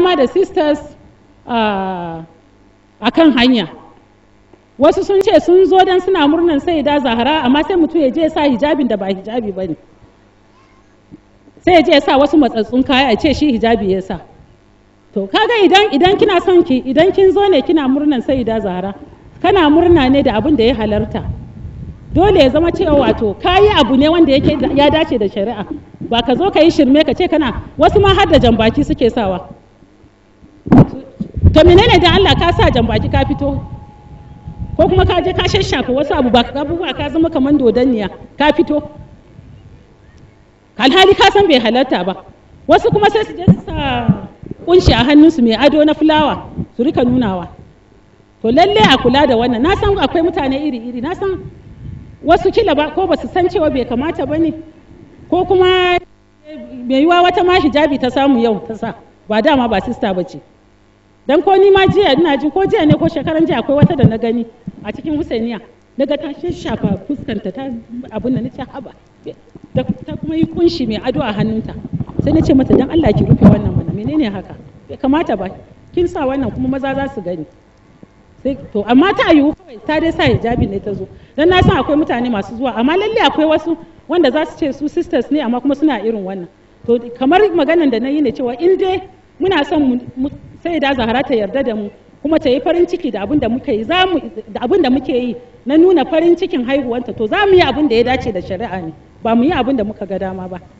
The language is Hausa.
dama da sisters a kan hanya wasu sun ce sun zo don suna murnan sai da zahara amma sai mutum ya je sa hijabin da ba hijabi ba ne sai ya je sa wasu matsatsun kaya a ce shi hijabi ya sa to kaga idan idan kina son ki idan kin zo ne kina murnan sai da zahara kana murna ne da abin da ya halarta dole ya zama cewa wato kayi abu ne wanda yake ya dace da shari'a ba ka zo ka yi shirme ka ce kana wasu ma har da jambaki suke sawa to menene dan Allah ka sa jan baki ka fito ko kuma ka je ka shashafa wasu abu ba ka abubuwa ka zama kaman dodanniya ka fito alhali ka san bai halarta ba wasu kuma sai su je su sa kunshi a hannunsu mai ado na fulawa su rika nunawa to lalle a kula da wannan na san akwai mutane iri-iri na san wasu kila ba ko ba su san cewa bai kamata ba ne ko kuma mai yiwa wata ma hijabi ta samu yau ta sa ba dama ba sista ba ce dan ko ni ma jiya ina ji ko jiya ne ko shekaran jiya akwai wata da na gani a cikin husainiya daga ta shafa fuskanta ta abin da nace haba da ta kuma yi kunshi mai ado a hannunta sai na ce mata dan Allah ki rufe wannan mana menene haka bai kamata ba kin sa wannan kuma maza za su gani sai to amma ta yiwu kawai ta dai sa hijabi ne ta zo dan na san akwai mutane masu zuwa amma lalle akwai wasu wanda za su ce su sisters ne amma kuma suna irin wannan to kamar maganan da na yi ne cewa in dai muna son sai da zahara ta yarda da mu kuma ta yi farin ciki da abin da muke yi da abin da muke yi na nuna farin cikin haihuwanta to za mu yi abin da ya dace da shari'a ne ba mu yi abin da muka ga dama ba